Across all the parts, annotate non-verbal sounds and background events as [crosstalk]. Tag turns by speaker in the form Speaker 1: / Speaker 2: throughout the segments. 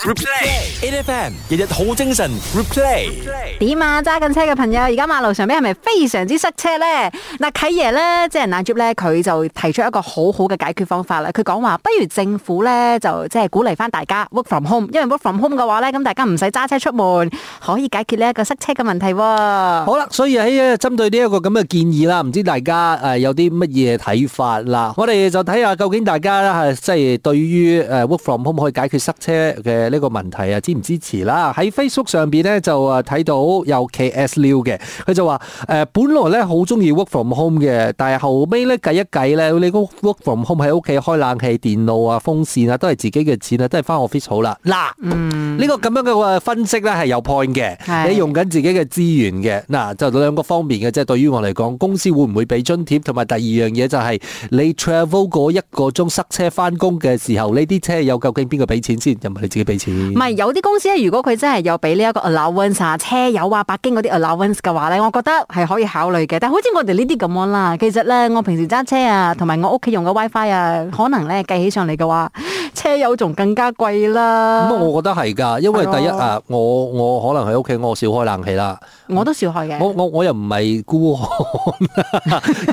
Speaker 1: Replay，8pm，日日好精神。Replay，
Speaker 2: 點啊？揸緊車嘅朋友，而家馬路上面係咪非常之塞車咧？嗱，啟爺咧，即係阿 j 咧，佢就提出一個很好好嘅解決方法啦。佢講話，不如政府咧就即係鼓勵翻大家 work from home，因為 work from home 嘅話咧，咁大家唔使揸車出門，可以解決呢一個塞車嘅問題喎、啊。
Speaker 1: 好啦，所以喺針對呢一個咁嘅建議啦，唔知道大家誒有啲乜嘢睇法啦？我哋就睇下究竟大家即係對於誒 work from home 可以解決塞車嘅。呢、這個問題啊，支唔支持啦？喺 Facebook 上邊咧就啊睇到有 K S Liu 嘅，佢就話誒、呃、本來咧好中意 work from home 嘅，但係後尾咧計一計咧，你工 work from home 喺屋企開冷氣、電腦啊、風扇是是啊，都係自己嘅錢啊，都係翻學 fit 好啦。嗱，呢個咁樣嘅分析咧係有 point 嘅，你用緊自己嘅資源嘅。嗱、啊，就兩個方面嘅，即係對於我嚟講，公司會唔會俾津貼，同埋第二樣嘢就係、是、你 travel 嗰一個鐘塞車翻工嘅時候，呢啲車有究竟邊個俾錢先，就唔係你自己唔
Speaker 2: 係有啲公司咧，如果佢真係有俾呢一個 allowance 車油啊、北京嗰啲 allowance 嘅話咧，我覺得係可以考慮嘅。但係好似我哋呢啲咁樣啦，其實咧，我平時揸車啊，同埋我屋企用嘅 WiFi 啊，可能咧計起上嚟嘅話，車油仲更加貴啦。咁、嗯、啊，我
Speaker 1: 覺得係㗎，因為第一啊，我我可能喺屋企我少開冷氣啦，
Speaker 2: 我都少開嘅。我
Speaker 1: 我，我又唔係孤寒，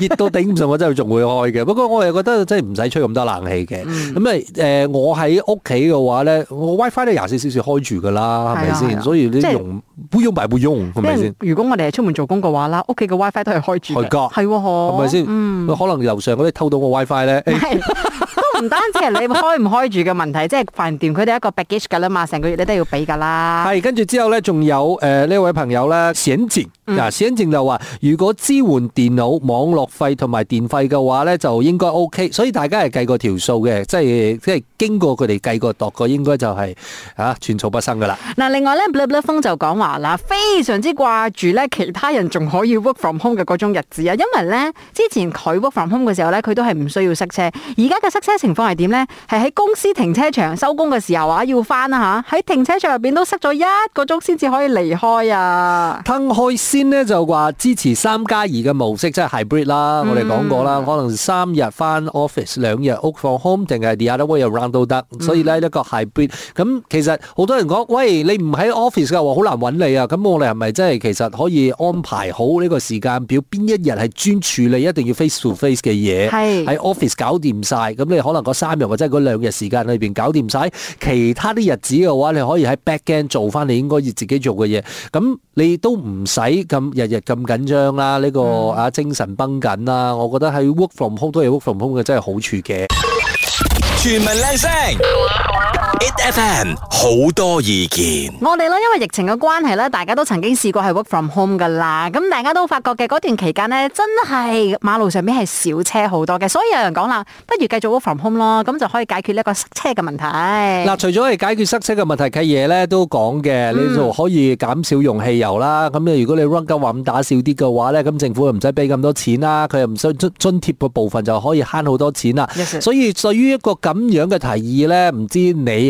Speaker 1: [laughs] 熱到頂唔順我真係仲會開嘅。 [laughs] 不過我又覺得真係唔使吹咁多冷氣嘅。咁啊誒，我喺屋企嘅話咧，我 WiFi 都廿四小時開住噶啦，係咪先？所以你用不用咪不用，係咪先？
Speaker 2: 如果我哋係出門做工嘅話啦，屋企嘅 WiFi 都係開住。開架係喎，係咪先？
Speaker 1: 嗯，可能樓上嗰啲偷到個 WiFi 咧、欸、係。 [laughs]
Speaker 2: 唔 [laughs] 單止係你開唔開住嘅問題，即係飯店佢哋一個 package 㗎啦嘛，成個月你都要俾㗎啦。
Speaker 1: 係跟住之後咧，仲有呃、呢位朋友咧，冼正嗱，冼正、嗯、就話：如果支援電腦、網絡費同埋電費嘅話咧，就應該 OK。所以大家係計個條數嘅，即係即係經過佢哋計過度過，應該就係啊寸草不生㗎啦。
Speaker 2: 嗱，另外咧，blue blue 風就講話啦，非常之掛住咧其他人仲可以 work from home 嘅嗰種日子啊，因為咧之前佢 work from home 嘅時候咧，佢都係唔需要塞車，而家嘅塞車情情況係點呢？係喺公司停車場收工嘅時候啊，要翻啊。吓，喺停車場入邊都塞咗一個鐘先至可以離開啊。騰開
Speaker 1: 先呢，就話支持三加二嘅模式，即係 hybrid 啦、嗯。我哋講過啦，可能三日翻 office，兩日 work from home 定係 the other way around 都得。所以呢，一個 hybrid，咁、嗯、其實好多人講，喂，你唔喺 office 噶，好難揾你啊。咁我哋係咪真係其實可以安排好呢個時間表？邊一日係專處理一定要 face to face 嘅嘢，喺 office 搞掂晒，咁你可能。嗰三日或者嗰兩日時間裏邊搞掂晒，其他啲日子嘅話，你可以喺 back end 做翻你應該要自己做嘅嘢，咁你都唔使咁日日咁緊張啦，呢個啊精神繃緊啦，我覺得喺 work from home 都係 work from home 嘅真係好處嘅。全民靚聲。it fm 好多意見，
Speaker 2: 我哋咧因為疫情嘅關係咧，大家都曾經試過係 work from home 噶啦，咁大家都發覺嘅嗰段期間咧，真係馬路上面係少車好多嘅，所以有人講啦，不如繼續 work from home 咯，咁就可以解決呢個塞車嘅問題。嗱，
Speaker 1: 除咗係解決塞車嘅問題契嘢咧，都講嘅，你就可以減少用汽油啦。咁如果你 run 加話咁打少啲嘅話咧，咁政府唔使俾咁多錢啦，佢又唔想津津貼嘅部分就可以慳好多錢啦。所以對於一個咁樣嘅提議咧，唔知你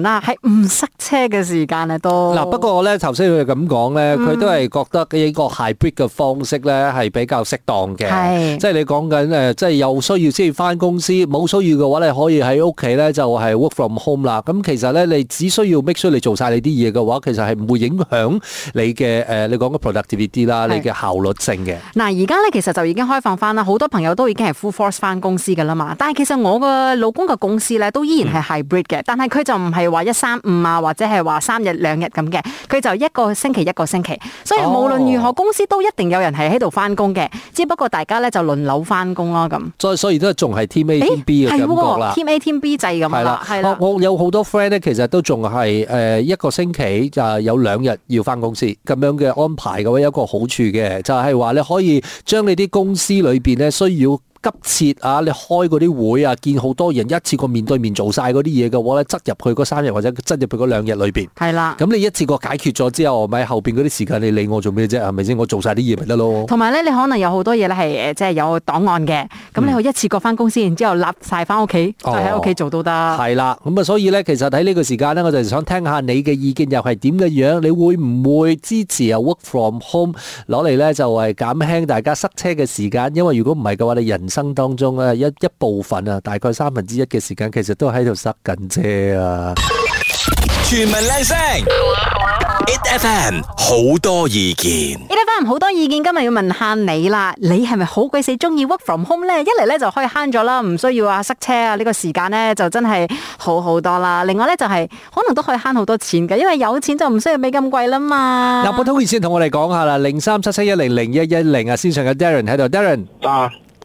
Speaker 2: 係唔塞車嘅時間啊，都嗱、啊。不過
Speaker 1: 我咧頭先佢咁講咧，佢、嗯、都係覺得呢個 hybrid 嘅方式咧係比較適當嘅。係，即係你講緊誒，即、呃、係、就是、有需要先至翻公司，冇需要嘅話咧，可以喺屋企咧就係、是、work from home 啦。咁其實咧，你只需要 make sure 你做晒你啲嘢嘅話，其實係唔會影響你嘅誒、呃，你講嘅 productivity 啲啦，你嘅效率性嘅。
Speaker 2: 嗱，而家咧其實就已經開放翻啦，好多朋友都已經係 full force 翻公司噶啦嘛。但係其實我個老公嘅公司咧都依然係 hybrid 嘅、嗯，但係佢就唔係。你話一三五啊，或者係話三日兩日咁嘅，佢就一個星期一個星期，所以無論如何公司都一定有人係喺度翻工嘅，只不過大家咧就輪流翻工咯咁。所
Speaker 1: 以所以都係仲係 team A team B 嘅感覺啦，team
Speaker 2: A team B 制咁啦，係啦。我我
Speaker 1: 有好多 friend 咧，其實都仲係誒一個星期就係有兩日要翻公司咁樣嘅安排嘅話，有個好處嘅就係話你可以將你啲公司裏邊咧需要。急切啊！你開嗰啲會啊，見好多人一次過面對面做晒嗰啲嘢嘅話咧，擠入去嗰三日或者擠入去嗰兩日裏邊。係啦，咁你一次過解決咗之後，咪後邊嗰啲時間你理我做咩啫？係咪先？我做晒啲嘢咪得咯。同
Speaker 2: 埋咧，你可能有好多嘢咧係即係有檔案嘅。咁、嗯、你去一次過翻公司，然之後立晒翻屋企，就喺屋企做到得。係、
Speaker 1: 哦、啦，咁啊、嗯，所以咧，其實喺呢個時間咧，我就想聽下你嘅意見，又係點嘅樣？你會唔會支持啊？Work from home 攞嚟咧，就係減輕大家塞車嘅時間。因為如果唔係嘅話，你人生當中咧一一部分啊，大概三分之一嘅時間其實都喺度塞緊車啊。全民靚聲，it FM 好多意見
Speaker 2: ，it FM 好多意見。今日要問下你啦，你係咪好鬼死中意 work from home 咧？一嚟咧就可以慳咗啦，唔需要啊塞車啊。呢個時間咧就真係好好多啦。另外咧就係可能都可以慳好多錢噶，因為有錢就唔需要俾咁貴啦嘛。嗱，撥通熱
Speaker 1: 線同我哋講下啦，零三七七一零零一一零啊，線上嘅 Darren 喺度，Darren，得。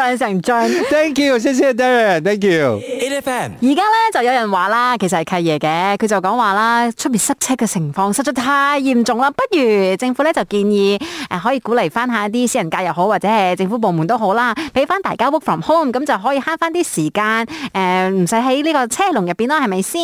Speaker 2: 非常真
Speaker 1: ，thank you，謝謝 David，thank you。
Speaker 2: 而家咧就有人話啦，其實係契爺嘅，佢就講話啦，出面塞車嘅情況實在太嚴重啦，不如政府咧就建議誒，可以鼓勵翻下啲私人界又好，或者係政府部門都好啦，俾翻大家 work from home，咁就可以慳翻啲時間誒，唔使喺呢個車龍入邊啦，係咪先？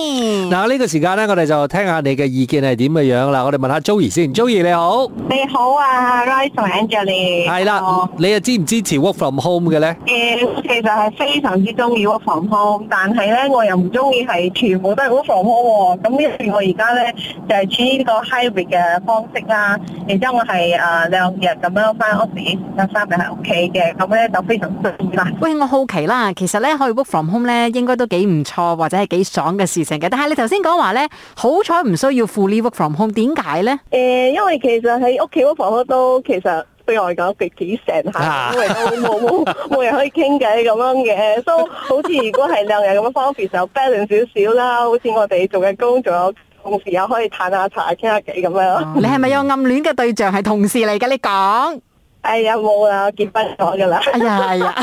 Speaker 2: 嗱，
Speaker 1: 呢個時間咧，我哋就聽下你嘅意見係點嘅樣啦。我哋問下 Joey 先，Joey 你好，你好啊
Speaker 2: ，Rachel Angelie，係啦，
Speaker 1: 你又支唔支持 work from home 嘅？
Speaker 3: 誒，其實係非常之中意 work from home，但係咧我又唔中意係全部都係 work from home 喎。咁呢一我而家咧就係處於呢個 hybrid 嘅方式啦，然之後我係誒兩日咁樣翻屋企，有三日喺屋企
Speaker 2: 嘅，咁咧就非常中意啦。喂，我好奇啦，其實咧可以 work from home 咧，應該都幾唔錯或者係幾爽嘅事情嘅。但係你頭先講話咧，好彩唔需要 full work from home，點解咧？
Speaker 3: 誒，因為其實喺屋企 work from home 都其實。對我嚟講幾成下，冇冇人可以傾偈咁樣嘅，所以好似如果係兩日咁樣，方便就有 balance 少少啦。好似我哋做嘅工，仲有同事又可以嘆下茶，
Speaker 2: 傾下偈咁樣。你係咪有暗戀嘅對象係同事嚟噶？你講。哎呀，冇啦，結婚咗噶啦。哎呀，
Speaker 1: 係啊。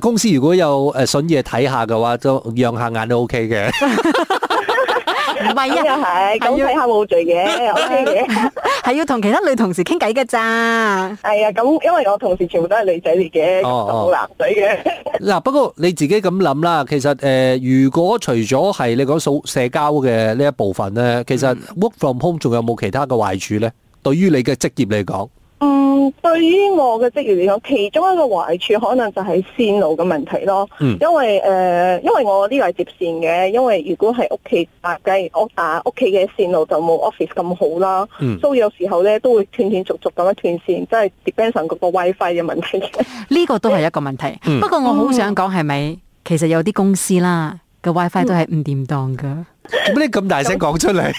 Speaker 1: 公司如果有誒笋嘢睇下嘅話，就讓下眼都 OK 嘅。
Speaker 2: 唔係啊，咁又係，咁睇下冇罪嘅，OK 嘅，係要同其他女同事傾偈㗎咋。係啊，咁因為我同事全部
Speaker 1: 都係女仔嚟嘅，冇男仔嘅、哦哦。嗱、哦， [laughs] 不過你自己咁諗啦，其實誒，如果除咗係你講數社交嘅呢一部分咧，其實 work from home 仲有冇其他嘅壞處咧？對於你嘅職業嚟講？
Speaker 3: 嗯，對於我嘅職業嚟講，其中一個壞處可能就係線路嘅問題咯、嗯。因為誒、呃，因為我呢個係接線嘅，因為如果係屋企啊，假如屋屋企嘅線路就冇 office 咁好啦。嗯，所以有時候咧都會斷斷續續咁樣斷線，即、就、係、是、dependent 嗰個 WiFi 嘅問題。
Speaker 2: 呢、這個都係一個問題。嗯、不過我好想講係咪，其實有啲公司啦嘅 WiFi 都係唔掂當噶。
Speaker 1: 點解咁大聲講出嚟？ [laughs]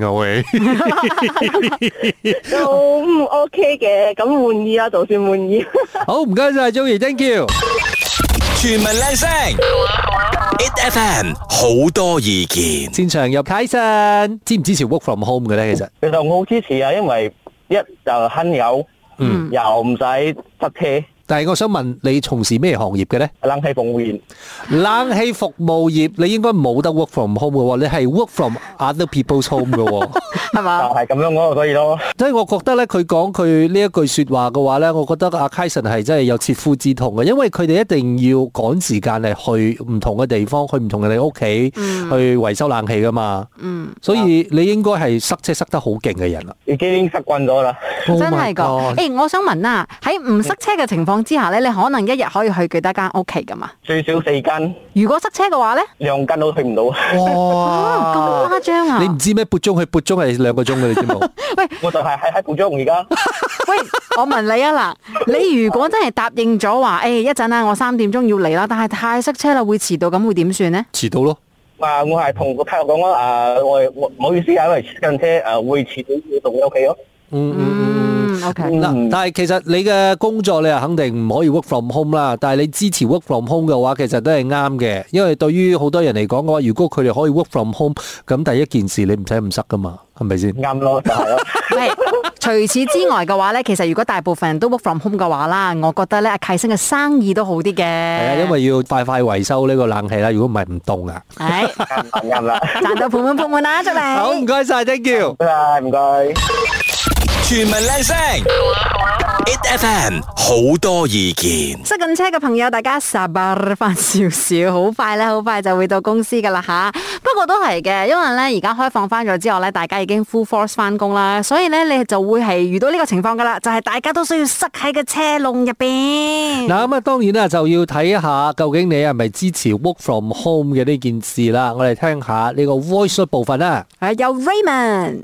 Speaker 1: 好嘅，
Speaker 3: 都 OK 嘅，咁滿意啊，
Speaker 1: 就算滿意。好，唔該晒，Joey，Thank you。全民靚聲，it FM 好多意見，現場有啟臣，支唔支持 work from home 嘅咧？其實其實我好支持啊，因為一就慳油，嗯，又唔使塞車。但係我想問你從事咩行業嘅咧？冷氣服務業，冷氣服務業，你應該冇得 work from home 嘅喎，你係 work from other people’s home 嘅喎，係嘛？ [laughs] 就係咁樣嗰個所以咯。所以我覺得咧，佢講佢呢一句說話嘅話咧，我覺得阿 Kason 係真係有切膚之痛嘅，因為佢哋一定要趕時間嚟去唔同嘅地方，去唔同嘅你屋企去維修冷氣噶嘛。嗯。所以你應該係塞車塞得好勁嘅人啦。已經塞慣咗啦。Oh、真係噶，誒，
Speaker 2: 我想問啊，喺唔塞車嘅情況之下咧，你可能一日可以去幾多間屋企噶嘛？
Speaker 1: 最少四間。
Speaker 2: 如果塞車嘅話咧？
Speaker 1: 兩間都去唔到。哇，咁 [laughs] 誇張啊！你唔知咩？撥鐘去撥鐘係兩個鐘嘅，你知冇？ [laughs] 喂，我就係喺喺撥鐘而家。
Speaker 2: [laughs] 喂，我問你啊嗱，你如果真係答應咗話，誒、 [laughs] 哎，一陣啊，我三點鐘要嚟啦，但係太塞車啦，會遲到，咁會點算咧？遲到咯。我係同個客戶講啊，我唔好意思啊，因為近車，誒，會遲到，會仲 OK 咯。嗯嗯。嗯嗱，但係其實你
Speaker 1: 嘅工作你係肯定唔可以 work from home 啦。但係你支持 work from home 嘅話，其實都係啱嘅，因為對於好多人嚟講嘅話，如果佢哋可以 work from home，咁第一件事你唔使唔塞㗎嘛，係咪先？啱
Speaker 2: 咯。係，除此之外嘅話咧，其實如果大部分人都 work from home 嘅話啦，我覺得咧阿契星嘅生意都好啲嘅。係啊，因為
Speaker 1: 要快快維修呢個冷氣啦。如果唔係唔凍啊。係，啱
Speaker 2: 啦。賺到盆滿缽滿啦。出嚟。好，唔該曬，thank you。唔該。全民靚
Speaker 1: 聲，8FM 好多意見。
Speaker 2: 塞緊車嘅朋友，大家 sabar 翻少少，好快咧，好快就會到公司噶啦吓。不過都係嘅，因為咧，而家開放翻咗之後咧，大家已經 full force 翻工啦，所以咧，你就會係遇到呢個情況噶啦，就係大家都需要塞喺個車籠入邊。
Speaker 1: 嗱咁啊，當然啦，就要睇一下究竟你係咪支持 work from home 嘅呢件事啦。我哋聽下呢個 voice 部分啦，
Speaker 2: 係有 Raymond。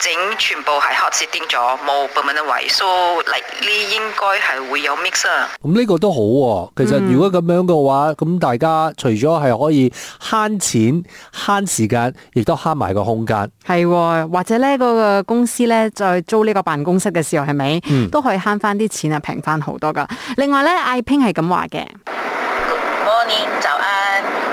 Speaker 2: 整全部係黑色癲咗，冇部門嘅維修，嚟呢應該係會有 mix。
Speaker 1: 咁呢個都好喎。啊，其實如果咁樣嘅話，咁，嗯、大家除咗係可
Speaker 2: 以慳錢、慳時間，亦都慳埋個空間。係。哦，或者咧個個公司咧再租呢個辦公室嘅時候，係咪？嗯，都可以慳翻啲錢啊，平翻好多噶。另外咧，艾平係咁話嘅，過
Speaker 1: 年就誒。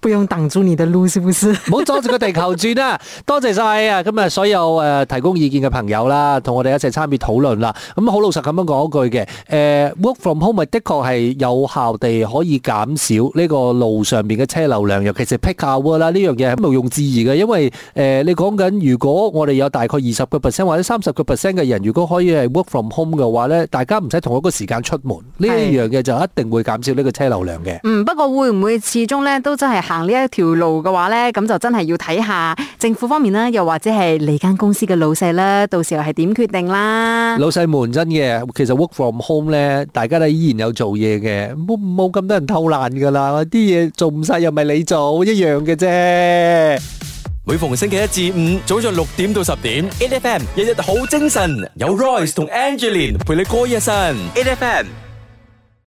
Speaker 2: 不用擋住你的路，是不是？
Speaker 1: 唔好阻住個地球轉啦！多謝晒啊！今日所有誒提供意見嘅朋友啦，同我哋一齊參與討論啦。咁好老實咁樣講一句嘅，誒，work from home 咪的確係有效地可以減少呢個路上面嘅車流量，尤其是 peak hour 啦，呢樣嘢係毋庸置疑嘅。因為誒，你講緊如果我哋有大概二十個 percent 或者三十個 percent 嘅人，如果可以係 work from home 嘅話咧，大家唔使同一個時間出門，呢樣嘢就一定會減少呢個車流量嘅。
Speaker 2: 嗯，不過會唔會始終咧都真係？行呢一條路嘅話咧，咁就真係要睇下政府方面啦，又或者係你間公司嘅老細啦，到時候係點決定啦。
Speaker 1: 老細們真嘅，其實 work from home 咧，大家都依然有做嘢嘅，冇冇咁多人偷懶噶啦，啲嘢做唔晒又咪你做，一樣嘅啫。每逢星期一至五早上六點到十點，8FM 日日好精神，有 Royce 同 Angeline 陪你過日晨，8FM。